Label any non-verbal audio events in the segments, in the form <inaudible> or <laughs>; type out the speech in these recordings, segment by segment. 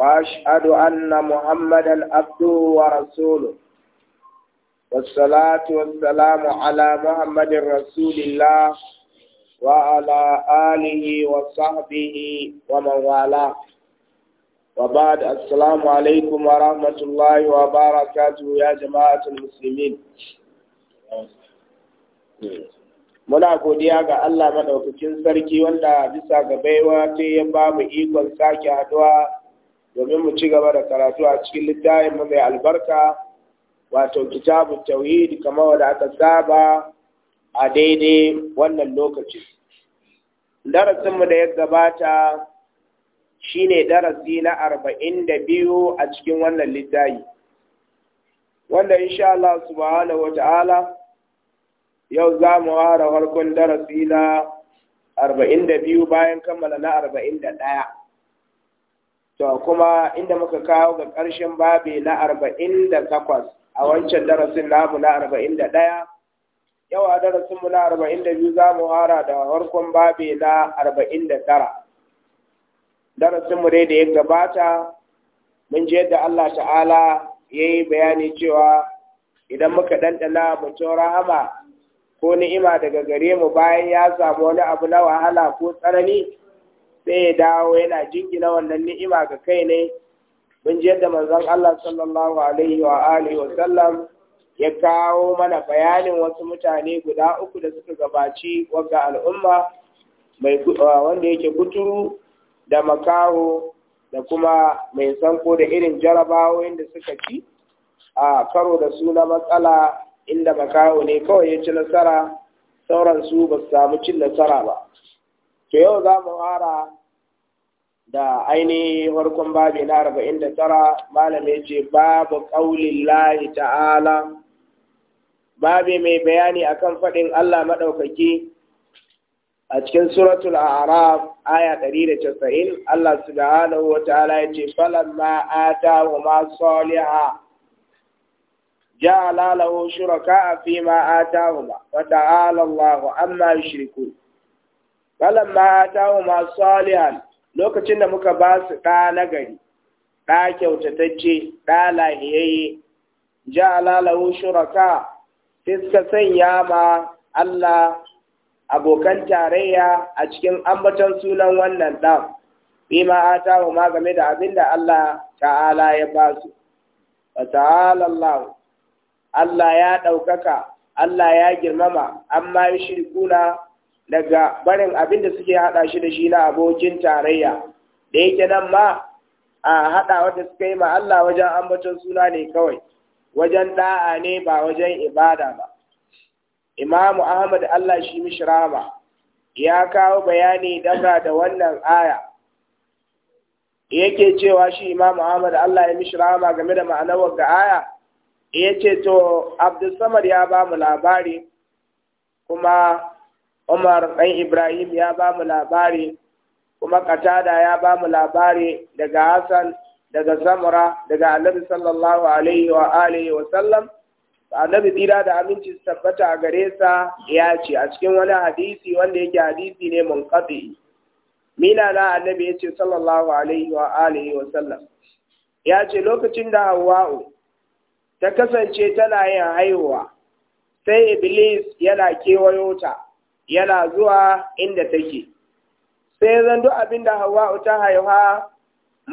وأشهد أن محمدا عبده ورسوله والصلاة والسلام على محمد رسول الله وعلى آله وصحبه ومن والاه وبعد السلام عليكم ورحمة الله وبركاته يا جماعة المسلمين Muna godiya ga Allah Maɗaukakin Sarki wanda bisa ga baiwa ta ya ba mu ikon sake haduwa domin mu ci gaba da karatu a cikin littafin mu mai albarka wato kitabu tauhid kamar wanda aka saba a daidai wannan lokaci darasin mu da ya gabata shine darasi na arba'in da biyu a cikin wannan littafi wanda insha Allah subhanahu wata'ala yau za mu fara harkon darasi na arba'in da biyu bayan kammala na arba'in da ɗaya to kuma inda muka kawo ga ƙarshen babi na arba'in da takwas a wancan darasin namu na arba'in da ɗaya yau a darasinmu na arba'in da biyu za mu hara da farkon babi na arba'in da tara darasinmu dai da ya gabata mun je da Allah ta'ala ya yi bayani cewa idan muka ɗanɗana mutum rahama ko ni'ima daga gare mu bayan ya samu wani abu na wahala ko tsanani sai ya dawo yana jingina wannan ni'ima ga kai ne mun ji yadda manzon Allah sallallahu alaihi wa alihi wa sallam ya kawo mana bayanin wasu mutane guda uku da suka gabaci wagga al'umma mai ah, wanda yake kuturu da makaho da kuma mai sanko da irin jarabawoyin da suka ci a karo da su na matsala inda makaho ne kawai ya ci nasara sauransu ba su samu cin nasara ba to yau za mu fara da ainihin farkon babi na arba'in da tara malamai ce babu ƙaunin lahi ta'ala babi mai bayani akan faɗin Allah maɗaukaki a cikin suratul araf aya 190 Allah su subhanahu wa ta'ala ya ce falamma atahuma saliha ja'ala lahu shuraka fi ma atahuma wa ta'ala Allahu amma yushrikun ta wa masu salihan lokacin da muka ba su ɗa na gari ɗa kyautatacce ɗa lahiyayye ja alalawo shuraka fiska sanya ma Allah abokan tarayya a cikin ambaton sunan wannan ɗan ta wa ma game da abin da Allah ta'ala ya ba su wa ta'ala Allah Allah ya ɗaukaka Allah ya girmama amma yushrikuna daga barin abin da suke haɗa shi da shi na abokin tarayya da yake nan ma a haɗa wata suka yi ma Allah wajen ambaton suna ne kawai wajen da'a ne ba wajen ibada ba imamu ahmad Allah shi mishrama ya kawo bayani daga da wannan aya yake cewa shi Imam ahmad Allah ya mishrama game da ma'anar ga aya ya ce to abdulsamad ya ba mu labari kuma Umar ɗan Ibrahim ya ba mu labari kuma Katada ya ba mu labari daga Hassan daga Samura daga Annabi sallallahu alaihi wa Alaihi wa sallam Annabi tsira da aminci su tabbata a gare sa ya ce a cikin wani hadisi wanda yake hadisi ne munqati mina na Annabi ya ce sallallahu alaihi wa Alaihi wa sallam ya ce lokacin da Hawwa'u ta kasance tana yin haihuwa sai Iblis yana kewayo ta yana zuwa inda take sai zan duk abin da hawa'u ta haihuwa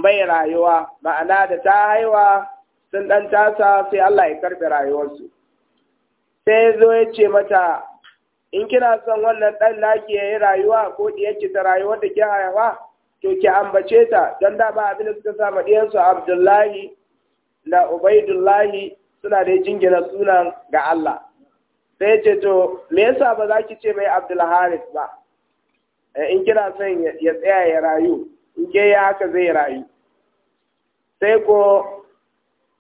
bai rayuwa ma'ana da ta haihuwa sun ɗan tasa sai Allah ya karɓe rayuwarsu sai zo ya ce mata in kina son wannan dan laki ya rayuwa ko ɗiyarki ta rayuwar da ke haihuwa to ki ambace ta don da ba abin da suka sama ɗiyansu Abdullahi da Ubaidullahi suna da jingina sunan ga Allah sai ce to me yasa ba za ki ce mai Abdul Haris ba eh, in kina son ya tsaya ya rayu in ke ya haka zai rayu sai ko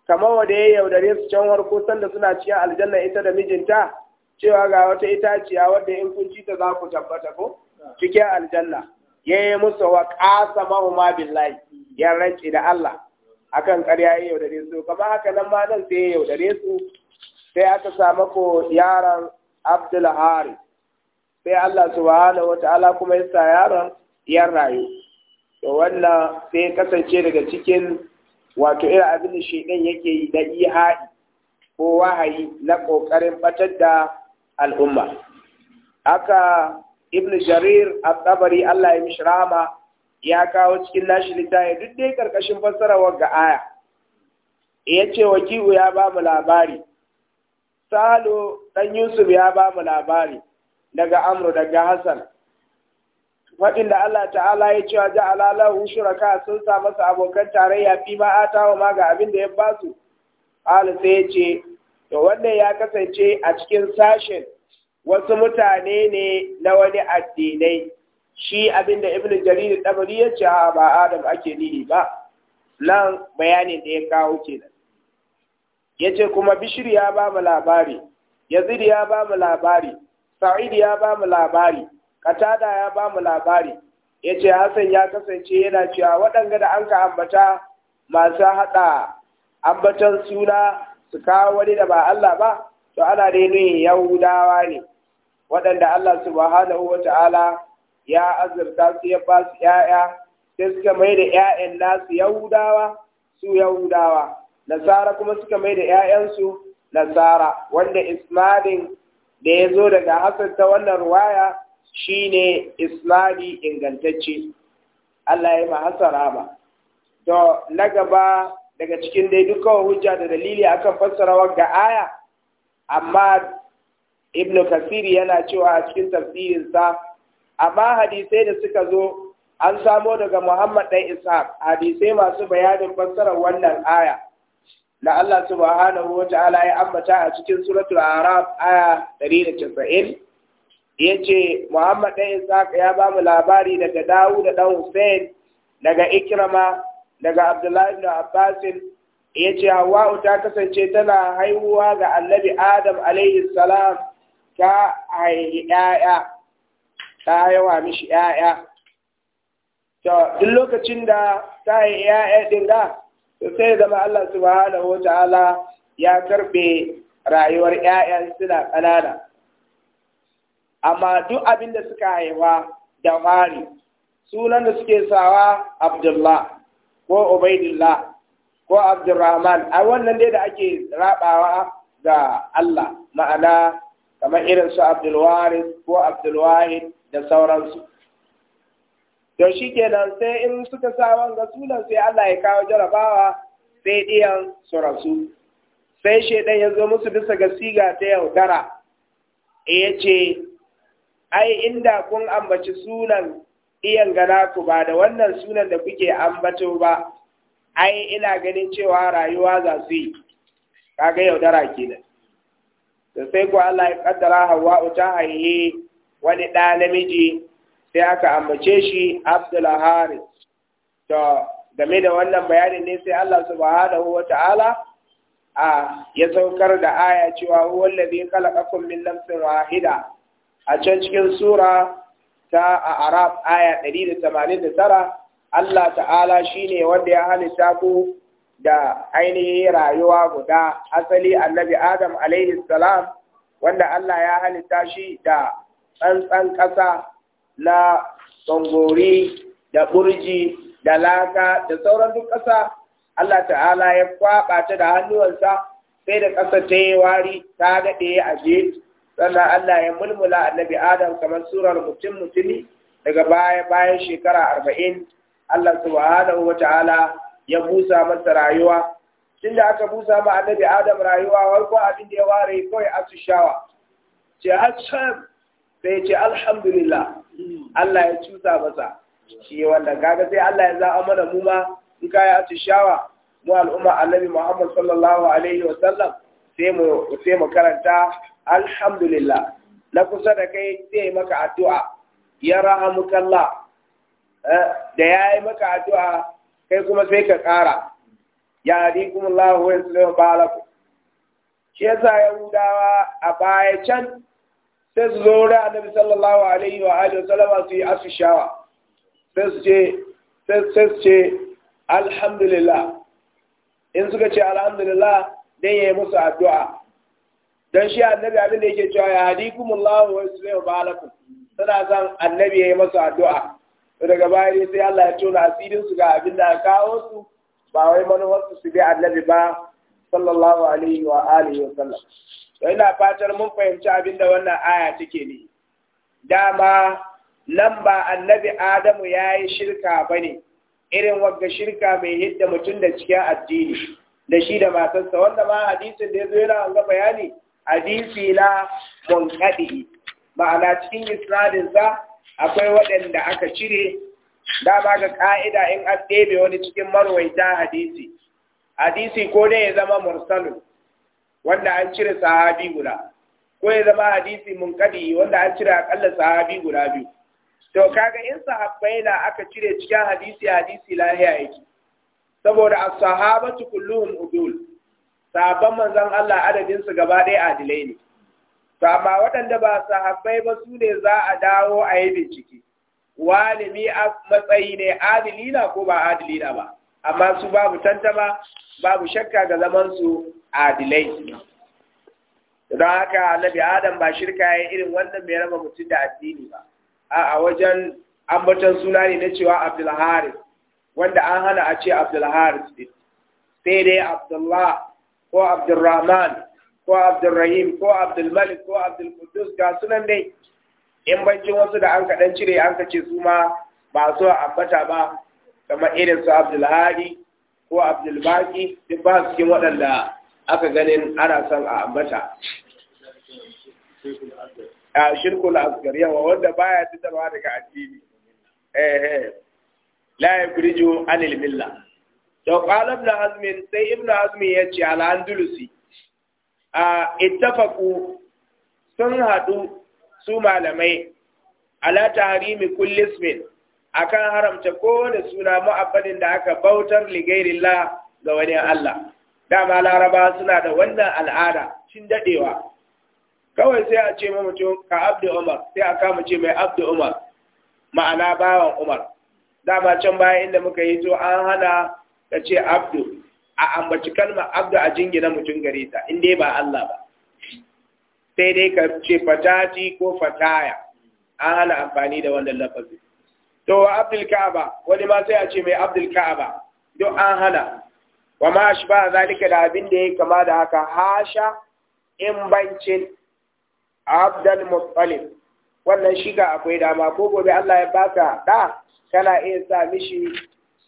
kamar wanda ya yaudare su can warko sanda suna cikin aljanna ita da mijinta cewa ga wata itaciya wadda in kun ci ta za ku tabbata ko cikin aljanna ya yi musu wa ƙasa mahuma billahi ya rance da Allah akan ƙarya ya yaudare su kamar haka nan ma nan sai ya yaudare su sai aka samu ko yaron Abdul sai Allah subhanahu wata'ala kuma ya sa yaron yan rayu to wannan sai kasance daga cikin wato irin abin da shedan yake yi na ihadi ko wahayi na kokarin batar da al'umma aka ibn jarir at-tabari Allah ya mishi rahama ya kawo cikin nashi littafi duk dai karkashin fassarar ga aya ya ce wakiu ya ba mu labari salo ɗan yusuf ya ba mu labari daga amru daga hassan faɗin da Allah ta'ala ya cewa ja alalahu shuraka sun sa masa abokan tarayya fi ma atawa ma ga abin da ya ba su ala sai ya ce to wannan ya kasance a cikin sashen wasu mutane ne na wani addinai shi abin da ibnu jarir tabari ya ce ba adam ake nihi ba nan bayanin da ya kawo kenan ya ce kuma bishir ya ba mu labari yazid ya ba mu labari sa'id ya ba mu labari katada ya ba mu labari ya ce hassan ya kasance yana cewa waɗanga da an ka ambata masu haɗa ambatan suna su kawo wani da ba Allah ba to ana da yin yahudawa ne waɗanda Allah subhanahu wa ta'ala ya azurta su ya ba su ‘ya'ya sai suka mai da ‘ya'yan nasu yahudawa su yahudawa nasara kuma suka mai da ‘ya'yansu nasara wanda isnadin da ya zo daga Hassan ta wannan ruwaya shine isnadi ingantacce Allah ya ma hasara ba to na gaba daga cikin dai dukkan hujja da dalili akan fassarawa ga aya amma ibnu kasiri yana cewa a cikin tafsirinsa amma hadisai da suka zo an samo daga muhammad ɗan ishaq hadisai masu bayanin fassarar wannan aya da Allah subhanahu wa ta'ala ya ambata a cikin suratul araf aya 190 yace Muhammad dan Isaac ya ba mu labari daga Dawud da dan Hussein daga Ikrama daga Abdullahi ibn Abbas yace Hawwa ta kasance tana haihuwa ga Annabi Adam alaihi salam ta haihi ƴaƴa ta haihuwa mishi 'ya'ya. to duk lokacin da ta yi 'ya'ya din ga to sai zama Allah subhanahu wata'ala ya karbe rayuwar ƴaƴan suna ƙanana amma duk abin da suka haifa da fari sunan da suke sawa Abdullah ko ubaidullah ko Abdurrahman a wannan dai da ake rabawa ga Allah ma'ana kamar irin su Abdulwaris, ko abdulwahid da sauransu to shi kenan sai in suka sa wanga sunan sai Allah ya kawo jarabawa sai ɗiyan su rasu sai shaidan ya zo musu bisa ga siga ta yaudara ya ce ai inda kun ambaci sunan iyan gana ku ba da wannan sunan da kuke ambato ba ai ina ganin cewa rayuwa za su yi kaga yaudara kenan da sai ku Allah ya kaddara hawa ta haihe wani ɗa namiji sai aka ambace shi Abdul to game da wannan bayanin ne sai Allah subhanahu wa ta'ala a ya saukar da aya cewa huwa allazi khalaqakum min nafsin wahida a can cikin sura ta Arab aya 189 Allah ta'ala shine wanda ya halitta ku da ainihin rayuwa guda asali annabi Adam alaihi salam wanda Allah ya halitta shi da tsantsan ƙasa na tsangori da burji da laka da sauran duk ƙasa Allah ta'ala ya kwaɓa ta da hannuwansa sai da ƙasa ta yi wari ta daɗe a je sannan Allah ya mulmula annabi Adam kamar surar mutum mutumi daga baya bayan shekara arba'in Allah subhanahu wa ta'ala ya busa masa rayuwa tun da aka busa ma annabi Adam rayuwa warko abin da ya ware kawai shawa ce asham sai ce alhamdulillah Allah ya cusa masa shi wanda kaga sai Allah ya za mana mu ma in ka kaya shawa mu al'umma annabi Muhammad sallallahu alaihi wa sallam sai mu sai mu karanta alhamdulillah na kusa da kai sai maka addu'a ya Allah eh, da yayi maka addu'a kai kuma sai ka kara ya rikum wa sallam balakum shi yasa Yahudawa a baya can sai su zo wurin annabi sallallahu alaihi wa alihi sallama su yi afishawa sai su ce sai su ce alhamdulillah in suka ce alhamdulillah dan yayi musu addu'a dan shi annabi abin da yake cewa ya hadikumullahu wa yuslihu balakum suna san annabi yayi musu addu'a daga baya sai Allah ya tona asirin su ga abin da kawo su ba wai manufar su bi annabi ba sallallahu alaihi wa alihi wa sallam ina fatar mun fahimci abin da wannan aya take ne dama nan ba annabi adamu ya yi shirka ba ne irin wagga shirka mai hidda mutum da cikin addini da shi da matarsa wanda ma hadisin da ya zo yana ga bayani hadisi na munkaɗi ma'ana cikin isnadinsa akwai waɗanda aka cire dama ga ƙa'ida in an ɗebe wani cikin marwaita hadisi hadisi ko dai ya zama mursalin wanda an cire sahabi guda ko ya zama hadisi mun kadi wanda an cire akalla sahabi guda biyu to kaga in sahabbai na aka cire cikin hadisi hadisi lahiya yake saboda as-sahabatu kulluhum udul sahabban manzon Allah adadin su gaba ɗaya adilai ne to amma waɗanda ba sahabbai ba su ne za a dawo a yi bincike walimi a matsayi ne adilina ko ba adilina ba amma su babu tantama babu shakka ga zaman su adilai don haka annabi adam ba shirka ya irin wannan mai raba mutum da addini ba a wajen ambaton suna ne na cewa abdul haris wanda an hana a ce abdul haris din sai dai abdullah ko rahman ko rahim ko malik ko abdulkudus ga sunan dai in bancin wasu da an kaɗan cire an kace su ma ba su ambata ba kamar irin su hadi ko baki duk ba su cikin waɗanda aka ganin ana son a ambata a shirkul asgar yawa wanda baya fitarwa daga addini eh eh la yakriju anil milla to qala ibn azm sai ibn azm ce al andalusi a ittafaqu sun hadu su malamai ala tahrimi kulli ismin akan haramta kowane suna mu'abbadin da aka bautar ligairillah ga wani Allah dama laraba suna da wannan al'ada cin dadewa kawai sai a ce mutum ka abdu umar sai a kama ce mai abdu umar ma'ana bawan umar dama can baya inda muka yi to an hana ka ce abdu a ambaci kalma abdu a jingina mutum gare ta in dai ba Allah ba sai dai ka ce fatati ko fataya an hana amfani da wannan lafazi to abdul ka'aba wani ma sai a ce mai abdul ka'aba duk an hana wa ma shi ba zalika da abin da ya kama da haka hasha in bancin abdal muttalib wannan shiga akwai dama ko gobe Allah ya baka da kana iya sa mishi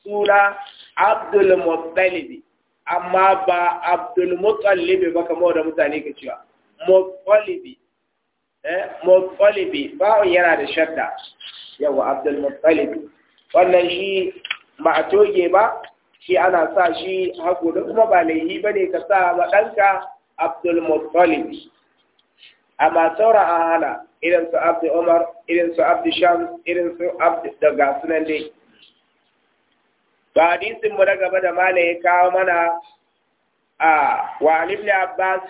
suna abdul muttalib amma ba abdul muttalib ba kamar da mutane ke cewa muttalib eh muttalib ba yana da shadda yawa abdul muttalib wannan shi ba a toge ba shi ana sa shi da kuma ba laihi ba ne ka sa wa ɗanka abdulmuttalib amma saura a hana irin su Abdi umar irin su Abdi Sham, irin su abdu da sunan dai ba hadisin mu na gaba da mala ya kawo mana a wa ibn abbas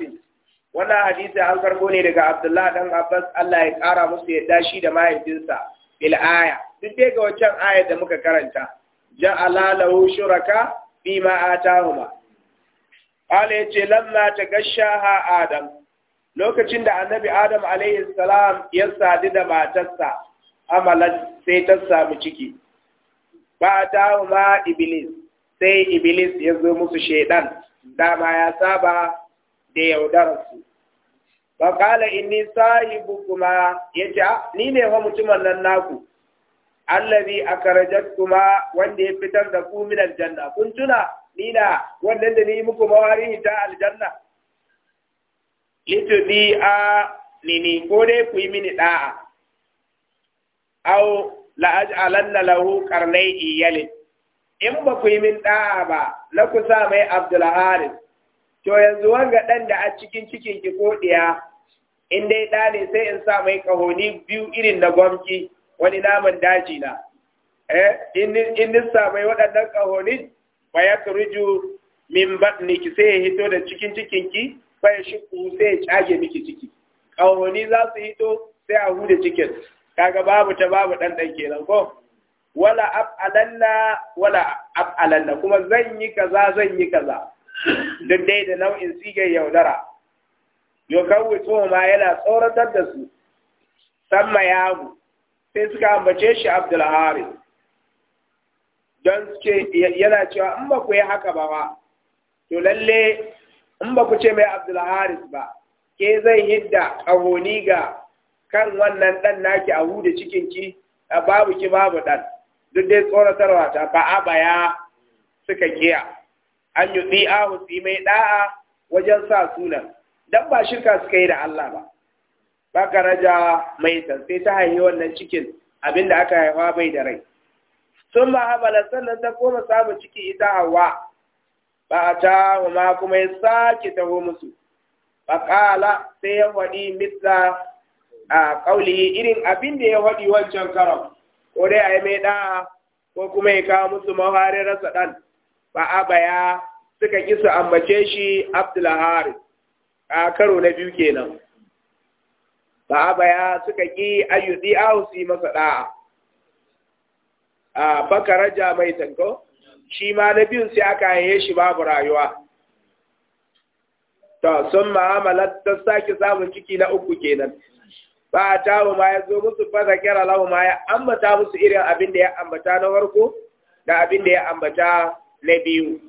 wannan hadisi an karbo ne daga abdullahi dan abbas Allah ya kara musu ya dashi da mahaifinsa bil aya duk dai ga wancan ayar da muka karanta ja'ala lahu shuraka bima atahuma qala yace lamma ha adam lokacin da annabi adam alaihi salam ya sadu da matarsa amala sai ta samu ciki ba tahuma iblis sai iblis ya zo musu shaidan dama ya saba da yaudararsu ba kala inni sahibu kuma ya ni ne wa mutumin nan naku allazi akhrajatkuma wanda ya fitar da ku min aljanna kun tuna ni da wannan da ni muku mawarihi ta aljanna litudi a nini ko dai ku yi mini da'a aw la aj'alanna lahu qarnai iyali. in ba ku yi min da'a ba na kusa mai abdul haris to yanzu wanga dan da a cikin cikin ki ko diya in dai da ne sai in sa mai kahoni biyu irin na gwamki wani naman daji na eh in sa mai waɗannan kahoni fa ya min batniki sai ya hito da cikin cikinki fa ya shiku sai ya cage miki ciki kahoni za su hito sai a hude cikin kaga babu ta babu dan dan kenan ko wala ab'alanna wala abalalla kuma zan yi kaza zan yi kaza duk dai da nau'in sigar yaudara yau kawai ma yana tsoratar da su samma yamu sai suka ambace shi Abdulhari Haris don suke yana cewa in ba ku yi haka ba ba to lalle in ba ku ce mai Abdulhari ba ke zai hidda ƙahoni ga kan wannan ɗan naki a hude cikinki a babu ki babu ɗan duk dai tsoratarwa ta a baya suka kiya an yi tsi'a mai ɗa'a wajen sa sunan dan ba shirka suka yi da Allah ba raja mai sai ta haihi wannan cikin abinda aka haifa bai da rai sun ma habala sannan ta koma samun ciki ita hawa ba a ta ma kuma ya sake taho musu kala sai ya faɗi mitla a ƙauli irin abin da ya faɗi wancan karon ko dai a yi mai ɗa ko kuma ya kawo musu maharin rasa ɗan ba a baya suka ƙi su ambace shi abdulhari a karo na biyu kenan sahaba ya suka ƙi ayyudi ahu su yi masa ɗa'a. a baka raja mai tanko shi ma na biyun sai aka haye shi babu rayuwa to sun ma'amalar ta sake samun ciki na uku kenan ba a tawo ma ya zo musu fasa kira lahu ma ya ambata musu irin abin da ya ambata na farko da abin da ya ambata na biyu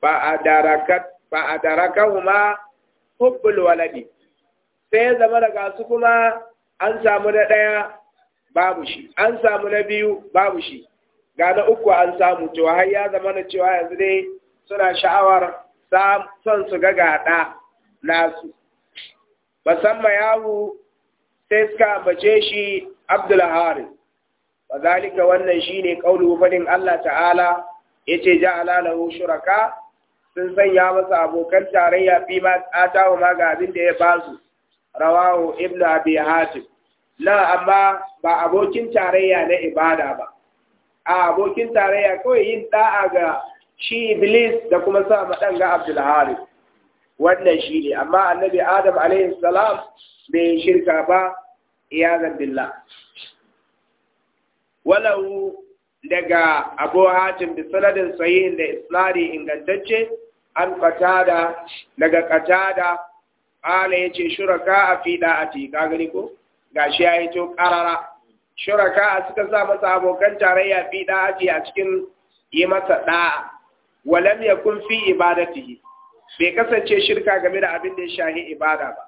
ba a darakat ba a darakahu ma hubbul waladi sai ya zama daga su kuma an samu na ɗaya babu shi an samu na biyu babu shi ga na uku an samu cewa har ya zama na cewa yanzu dai suna sha'awar son su ga gaɗa nasu musamman yahu sai suka ambace shi abdulhari ba zalika wannan shine ƙaunu fadin Allah ta'ala ya yace ja lahu shuraka sun sanya masa abokan tarayya fi ma atawa ma ga abin da ya basu rawahu ibnu abi hatim la amma ba abokin tarayya na ibada ba a abokin tarayya kawai yin da'a ga shi iblis da kuma sa madan ga abdul harith wannan shi ne amma annabi adam alaihi salam bai shirka ba iyazan billah walau daga abu hatim da sanadin sahihin da islari ingantacce an fatada daga katada qala yace shuraka fi da'ati ka gani ko gashi yayi to qarara shuraka suka sa masa abokan tarayya fi a cikin yi masa da'a walam kun fi ibadatihi bai kasance shirka game da abin da ya shahi ibada ba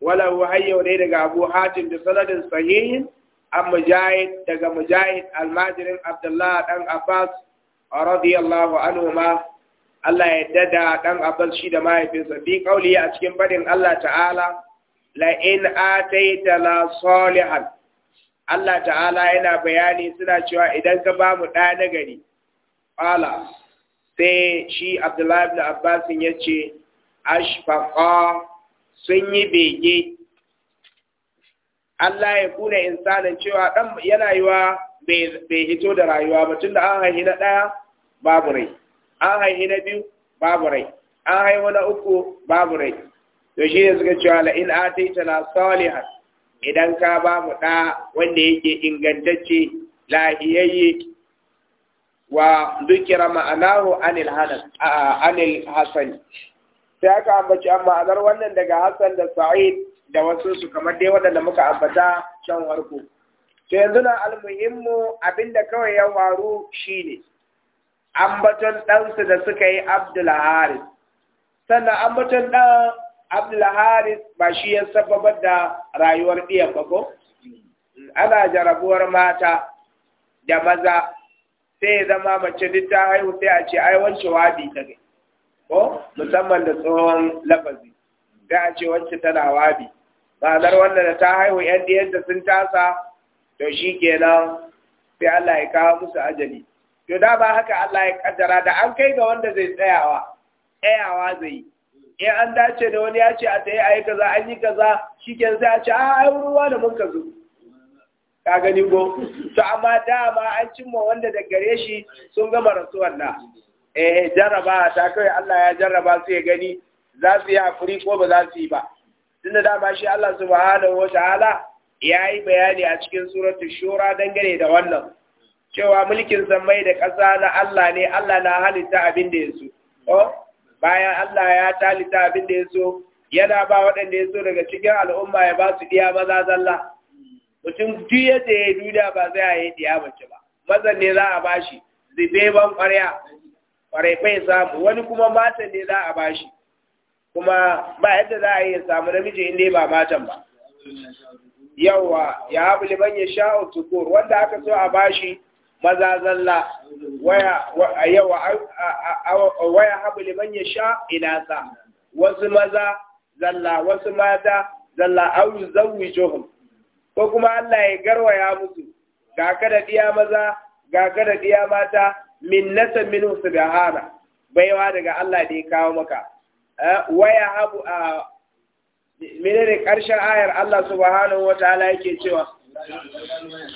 wala hu hayyau dai daga Abu Hatim da sanadin sahihin an mujahid daga mujahid almajirin Abdullah ɗan Abbas radiyallahu Allah ya dada dan Abbas shi da mahaifinsa bi kauli a cikin fadin Allah ta'ala la in ataita la salihan Allah ta'ala yana bayani suna cewa idan ka bamu mu da na gari sai shi Abdullahi ibn Abbas ya ce ashfaqa sun yi bege Allah ya kuna insanin cewa dan yana yiwa bai hito da rayuwa ba tunda an haihu na ɗaya babu rai an haihi na biyu babu rai an haihu na uku babu rai to shi ne suka cewa la in ataita na salihan idan ka ba mu ɗa wanda yake ingantacce lahiyayye wa dukira ma'anahu anil hanan anil hasan sai aka ambaci amma azar wannan daga Hassan da Sa'id da wasu su kamar dai waɗanda muka ambata can warko to yanzu na almuhimmu abinda kawai ya waru shine ambaton ɗansa da suka yi Abdul Haris. Sannan ambaton ɗan Abdul Haris ba shi ya sababar da rayuwar ɗiyan ba ko? Ana jarabuwar mata da maza sai ya zama mace duk ta haihu sai a ce ai wance wadi ta ne? Ko? Musamman da tsohon lafazi. Sai a ce wancan tana wabi. Ma'anar wanda da ta haihu ‘yan ɗiyanta sun tasa, to shi kenan sai Allah ya kawo musu ajali. to da ba haka Allah ya kaddara da an kai ga wanda zai tsayawa tsayawa zai yi in an dace da wani ya ce a tayi ayi kaza an yi kaza shikenan sai a ce a ah, ai ruwa da mun ka ka gani go to amma dama an cimma wanda da gare shi sun gama rasuwar na eh jarraba ta kai Allah ya jarraba su ya gani za su yi hakuri ko ba za su yi ba tunda dama shi Allah subhanahu wataala ya yi bayani a cikin suratul shura dangane da wannan cewa mulkin sammai da ƙasa na Allah ne Allah na halitta abin da ya bayan Allah ya talita abin da ya yana ba waɗanda ya so daga cikin al'umma ya ba su diya maza zalla mutum duk yadda ya duniya ba zai a yi diya mace ba mazan ne za a bashi zibeban ƙwarya bai samu wani kuma mata ne za a bashi kuma ba yadda za a yi ya samu namiji inda ba matan ba yawa ya abu liman ya sha'o tukur wanda aka so a bashi maza zalla waya waya habu liman ya sha sa wasu maza zalla wasu mata zalla au yuzawwijuhum ko kuma Allah ya garwaya musu ga kada diya maza ga kada diya mata min nasa min subhana baiwa daga Allah da ya kawo maka eh, waya habu a menene karshen ayar Allah subhanahu wataala yake cewa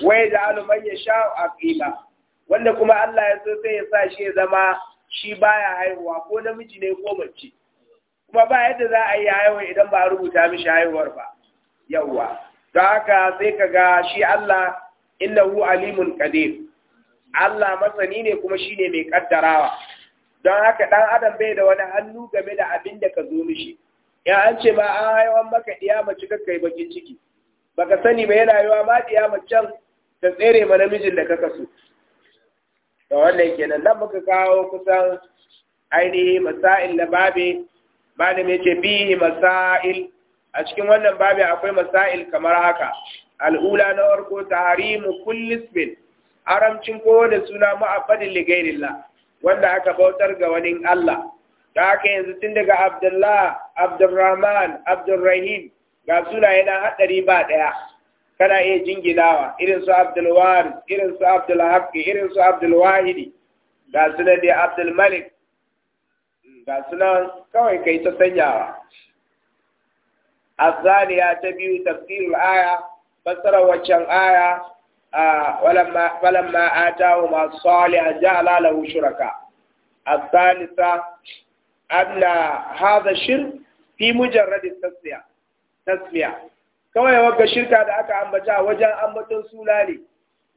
wai da alumai ya sha aqima wanda kuma Allah ya so sai ya sa shi ya zama shi baya haihuwa ko namiji ne ko mace kuma ba yadda za a yi haihuwa idan ba a rubuta mishi haihuwar ba yawwa don haka sai ka ga shi Allah innahu alimun qadir Allah masani ne kuma shine mai kaddarawa don haka dan adam bai da wani hannu game da abin da ka zo mishi ya an ce ma an haihuwan maka diya mace kakkai bakin ciki baka sani ba yana yawa ma diya macen ta tsere ma namijin da kaka so to wannan kenan nan muka kawo kusan ainihi masail da babe mai ce bihi masail a cikin wannan babe akwai masail kamar haka al'ula na warko tarimu kulli ismin haramcin kowane suna mu'abbadin ligairillah wanda aka bautar ga wani Allah da haka yanzu tun daga Abdullah Abdurrahman Abdurrahim ga sunaye na haɗari ba ɗaya kana iya jingilawa irin su Abdul Waris irin su Abdul Haqqi irin su Abdul Wahidi ga sunan da Abdul Malik ga sunan kawai kai ta sanyawa ya ta biyu tafsirul aya fassara waccan aya ولما ولما آتاهما صالحا جعل له شركاء الثالثة أن هذا الشرك في مجرد التسلية tasmiya kawai wagga shirka da aka a wajen ambaton suna ne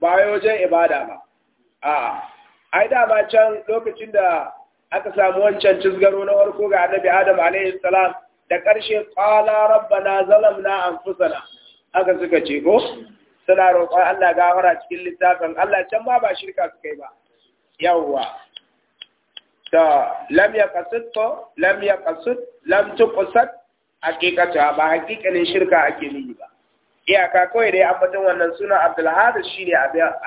ba wai wajen ibada ba a ai da ba can lokacin da aka samu wancan cizgaro na farko ga annabi adam alaihi salam da karshe qala rabbana zalamna anfusana aka suka ce ko oh, suna roƙon Allah gafara cikin littafin Allah can ba ba shirka su kai ba yawwa ta lam yaqsid lam yaqsid lam tuqsad hakikata ba hakikanin shirka ake nuni ba iyaka kawai dai ambaton wannan suna abdulhadu shi ne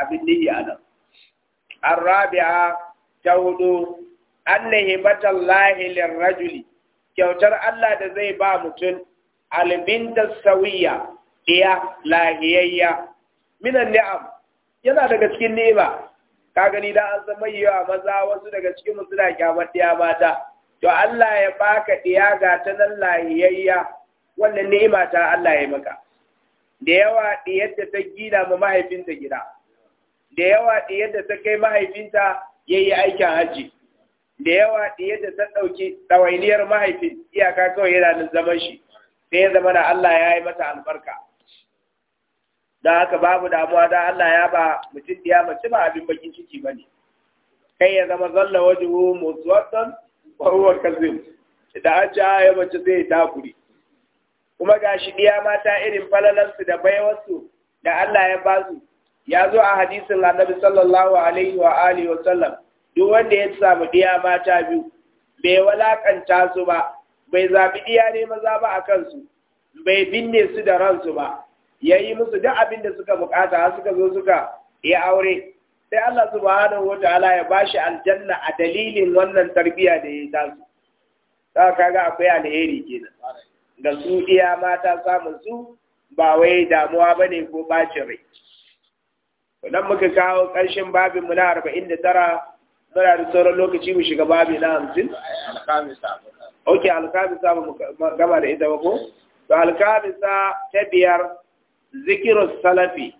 abin nihi a nan Rabi'a ta hudu anna hibatan lahilin rajuli kyautar Allah da zai ba mutum da sauya iya lahiyayya minan ni'am yana daga cikin ni'ima ka gani da an zama yi yawa maza wasu daga cikin musu da kyamar mata to Allah ya baka ɗiya ga ta nan lahiyayya wannan ni'ima ta Allah ya maka da yawa ɗiyar da ta gina ma mahaifinta gida da yawa ɗiyar da ta kai mahaifinta ya aikin hajji da yawa ɗiyar da ta ɗauki ɗawainiyar mahaifin iyaka kawai yana nan zaman shi sai ya zama da Allah ya yi mata albarka da haka babu damuwa da Allah ya ba mutum ɗaya mace ba abin bakin ciki ba ne kai ya zama zalla wajen musuwatsan wa kazim da an ya mace zai takuri kuma gashi, shi ɗiya mata irin falalarsu da baiwarsu da Allah ya ba su ya zo a hadisin annabi sallallahu alaihi wa alihi wa sallam duk wanda ya samu ɗiya mata biyu bai walakanta su ba bai zabi ɗiya ne maza ba a kansu bai binne su da ransu ba yayi musu duk abin da suka bukata suka zo suka yi aure sai Allah subhanahu wa ta'ala ya shi aljanna a dalilin wannan tarbiyya da ya su. ta kaga akwai alheri kenan Da su iya mata samun su ba wai damuwa bane ko bacin rai idan muka kawo ƙarshen babin mu na tara. muna da sauran lokaci mu shiga babi na hamsin? ok alkamisa ba mu gama da ita ba ko to alkamisa ta biyar zikirar salafi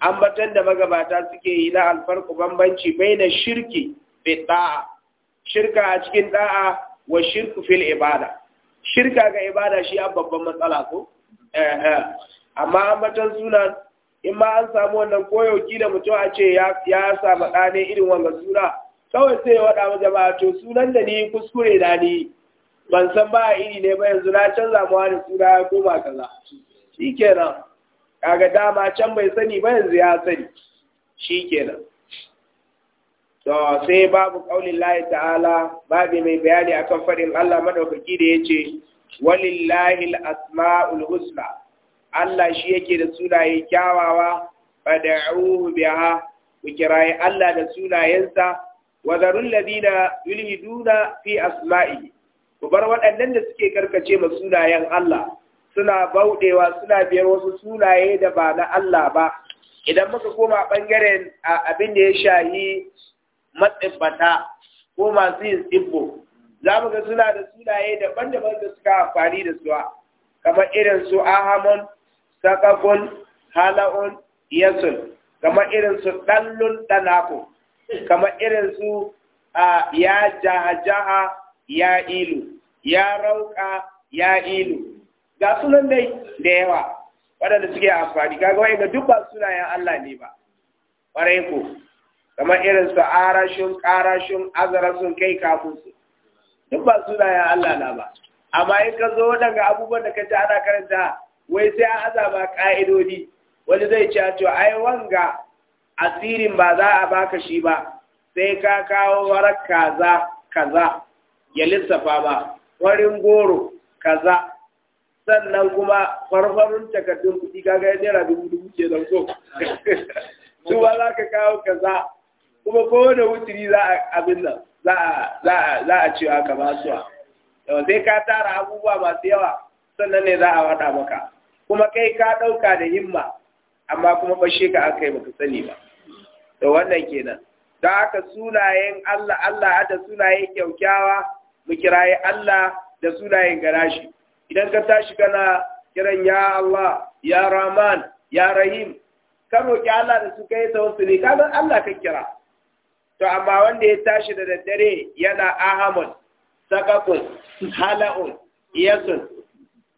ambatan da magabata suke yi na alfarku bambanci na shirki fi da'a shirka a cikin da'a wa shirku fil ibada shirka ga ibada shi a babban matsala ko amma ambatan suna in ma an samu wannan koyoki da mutum a ce ya samu ɗane irin wannan suna kawai sai ya waɗa wa jama'a to sunan da ni kuskure da ni ban san ba iri ne ba yanzu na canza mu wani suna ya koma kaza shikenan kaga dama can bai sani ba yanzu ya sani shikenan to sai babu qaulin lahi ta'ala babu mai bayani akan faɗin Allah madaukaki da yace walillahi al-asma'ul husna Allah shi yake da sunaye kyawawa fad'uhu biha ku kirayi Allah da sunayensa wadarul ladina yulhiduna fi asma'i ku bar waɗannan da suke karkace ma sunayen Allah suna bauɗewa suna biyar wasu sunaye da ba na Allah ba idan muka koma ɓangaren abin da ya shayi matsibbata ko masu yin tsibbo za mu ga suna da sunaye daban-daban da suka amfani da suwa kamar irin su ahamun sakakun hala'un yasun kamar irin su ɗallun ɗanako kamar irin su ya jaha-jaha ya ilu ya rauka ya ilu ga sunan dai da yawa waɗanda suke amfani kaga gawai ga duk sunayen Allah ne ba ƙwarai ko kamar irin su arashin ƙarashin azarasun kai kafin su duk ba sunayen Allah na ba amma in ka zo daga abubuwan da ka ci ana karanta wai sai an azaba ƙa'idodi. wani zai ci to ai wanga asirin ba za a baka shi ba sai ka kawo warar kaza kaza ya lissafa ba warin goro kaza sannan kuma farfarun takardun kuɗi kaga ya naira dubu dubu ke don so <laughs> su ba za ka kawo kaza kuma ko da wuturi za a abin nan za a ce aka ba su sai ka tara abubuwa masu yawa sannan ne za a wada maka kuma kai ka ɗauka da himma amma kuma shi ka aka yi maka sani ba da wannan kenan da aka sunayen Allah Allah da sunaye kyaukyawa mu kirayi Allah da sunayen garashi idan ka tashi kana kiran ya Allah ya Rahman ya Rahim ka roki Allah da su kai ne, ka san Allah ka kira to amma wanda ya tashi da daddare yana ahamun sakakun hala'un yasun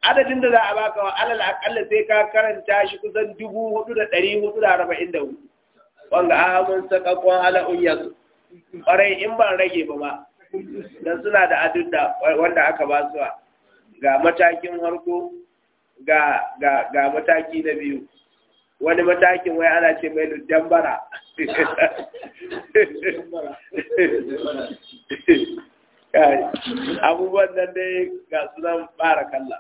adadin da za a baka wa alal aqalla sai ka karanta shi kusan dubu hudu da ɗari hudu da arba'in da hudu wanga ahamun hala'un yasun ƙwarai in ban rage ba ma dan suna da adudda wanda aka ba su ga matakin harko ga ga ga mataki na biyu wani matakin wai ana ce mai dambara bara abubuwan nan dai ga su nan fara kalla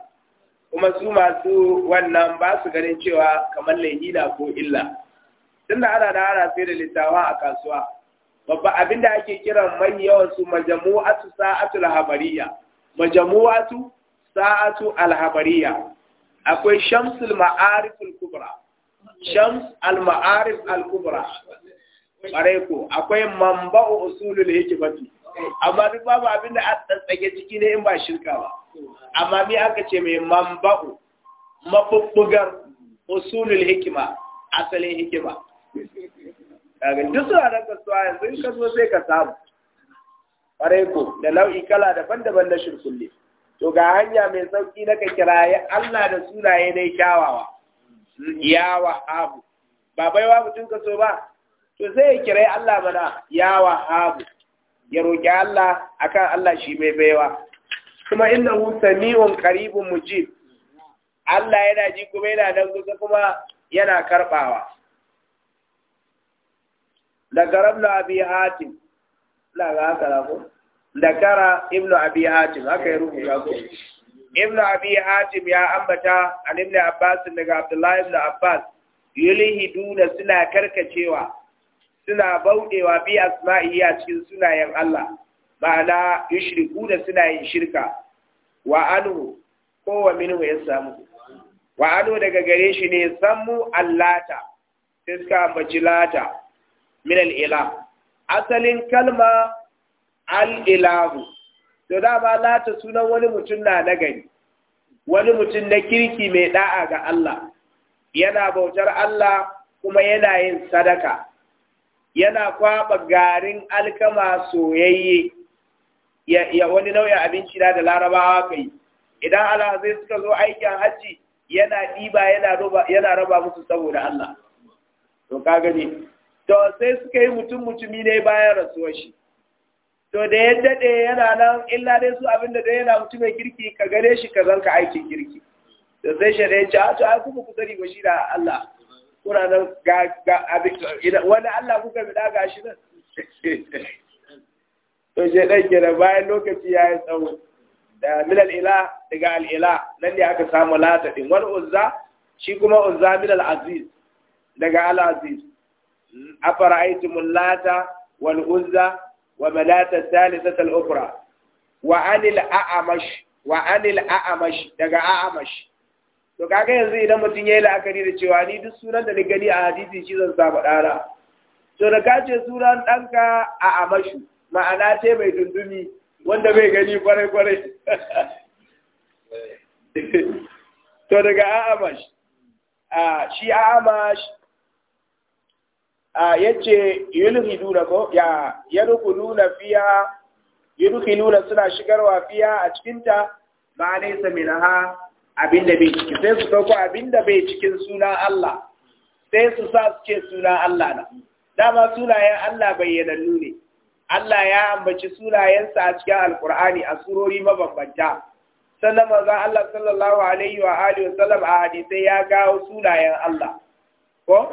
kuma su masu wannan ba su ganin cewa kamar laihina ko illa tun da ana da ana sai da littawa a kasuwa babba abin da ake kiran mai yawan su majamu'atu sa'atul habariya majamu'atu saatu al-habariya akwai Shamsul maarif al-kubra shams al-ma'arif al-kubra bare ko akwai manba'u usulul hikmati amma duk babu abin da aka tsage ciki ne in ba shirka ba amma me aka ce mai manba'u mabubbugar usulul hikma asalin hikima daga duk suna ka kasuwa yanzu in ka zo sai ka samu bare ko da nau'i kala daban-daban na shirkulle to ga hanya mai sauki na ka ya Allah da sunaye ne kyawawa ya wahabu ba baiwa mutum ka so ba to sai ya kiraye Allah mana ya wahabu ya roƙi Allah akan Allah shi mai baiwa kuma hu sami'un qaribun mujib Allah yana ji kuma yana nan kusa kuma yana karbawa Daga garabna bi hatim la ga haka ذكر ابن ya حاتم هكا يروي ابن أبي حاتم يا أمتا عن ابن عباس لك عبد الله ابن عباس يليه دون سنة كركشيوا سنة بودي وبي أسمائي أشكل suna yin الله معنى يشركون سنة شركة وأنه هو منه يسامو daga gare shi ne sammu allata iska suka ambaci lata min asalin kalma al'ilahu to da ba lata sunan wani mutum na nagari wani mutum na kirki mai ɗa'a ga Allah yana bautar Allah kuma yana yin sadaka yana kwaɓa garin alkama soyayye ya, wani nau'in abinci na da larabawa kai idan zai suka zo aikin hajji yana ɗiba yana raba musu saboda Allah to ka gani to sai suka yi mutum mutumi ne bayan rasuwar shi to da ya daɗe yana nan illa dai su abin da yana mutu mai kirki ka gare shi ka zanka aikin kirki da sai shi ya ce a to ai kuma ku sani ba shi da Allah kuna nan ga ga abin wani Allah kuka bi ga shi nan <laughs> to je dan kira bayan lokaci ya yi tsawo da milal ila daga al ila nan ne aka samu lata din wani uzza shi kuma uzza milal aziz daga al aziz afara'aytumul lata wal uzza وبلات الثالثة الأخرى وعن الأعمش وعن الأعمش دقا أعمش to kaga yanzu idan mutum ya yi la'akari da cewa ni duk sunan da na gani a hadisi shi zan samu ɗana to da ka ce sunan ɗanka a amashu ma'ana ce mai dundumi wanda bai gani kwarai-kwarai <laughs> to daga a'amash shi a'amash yace yulhiduna ko ya yadkhuluna fiha yadkhuluna suna shigarwa fiha a cikin ta ba ne saminaha abinda bai ciki sai su ko abinda bai cikin suna Allah sai su sa su ce suna Allah na dama sunayen Allah bayyanannu ne Allah ya ambaci sunayensa a cikin Alkur'ani a surori mabambanta sannan maza Allah sallallahu alaihi wa alihi wa sallam a hadisai ya gawo sunayen Allah ko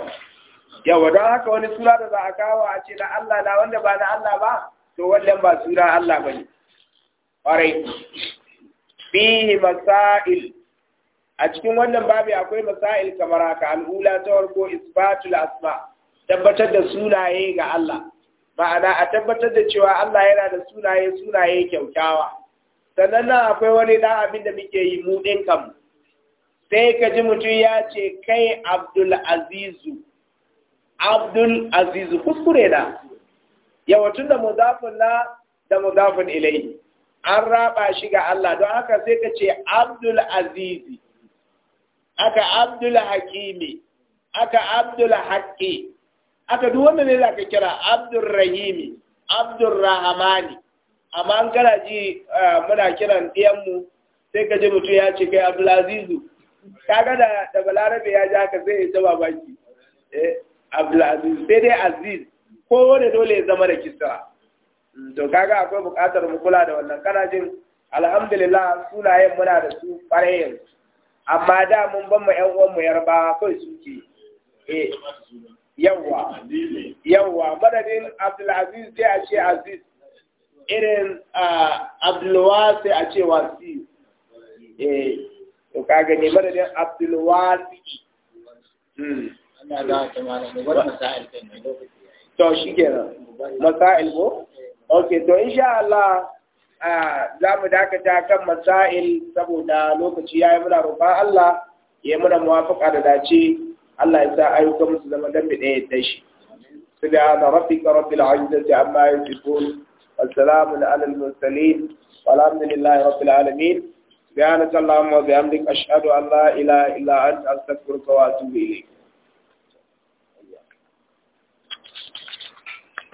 yawa don haka wani sura da za a kawo a ce na Allah na wanda ba na Allah ba to wannan ba sura Allah bane ƙwarai fihi masail a cikin wannan babu akwai masail kamar haka al'ula ta farko isbatul asma tabbatar da sunaye ga Allah ma'ana a tabbatar da cewa Allah yana da sunaye sunaye kyautawa sannan nan akwai wani dan abin da muke yi mu din kam sai ka ji mutum ya ce kai Abdul Azizu abdul aziz kuskure na yawa tun da mudafin na da mudafin ilai an raba shi ga Allah don haka sai ka ce abdul Aziz aka abdul hakimi aka abdul Haqqi aka duk wanda ne za ka kira abdul rahimi abdul rahamani amma an kana ji eh, muna kiran ɗiyanmu sai ka ji mutum ya ce kai abdul azizu kaga da da balarabe ya ja ka sai ya baki eh Abdulaziz sai dai Aziz ko wanda dole ya zama da kisra mm, to kaga akwai buƙatar mu kula da wannan kana alhamdulillah sunayen muna da su ƙwarai amma da mun ban mu ƴan uwan mu yarba kai suke eh yawwa yawwa madadin Abdulaziz sai a ce Aziz irin Abdulwa sai a ce wasi eh to kaga ne madadin Abdulwasi hmm. ina da ta wani masa'il ɗin to shi kenan masa'il ko ok to insha Allah za mu dakata kan masail saboda lokaci ya yi muna roƙon Allah ya yi muna muwafaƙa da dace Allah ya sa ayyukan musu zama dambe ɗaya da shi. سبحان ربك رب العزة عما يصفون والسلام على المرسلين والحمد لله رب العالمين سبحانك اللهم وبحمدك أشهد أن لا إله إلا أنت أستغفرك وأتوب إليك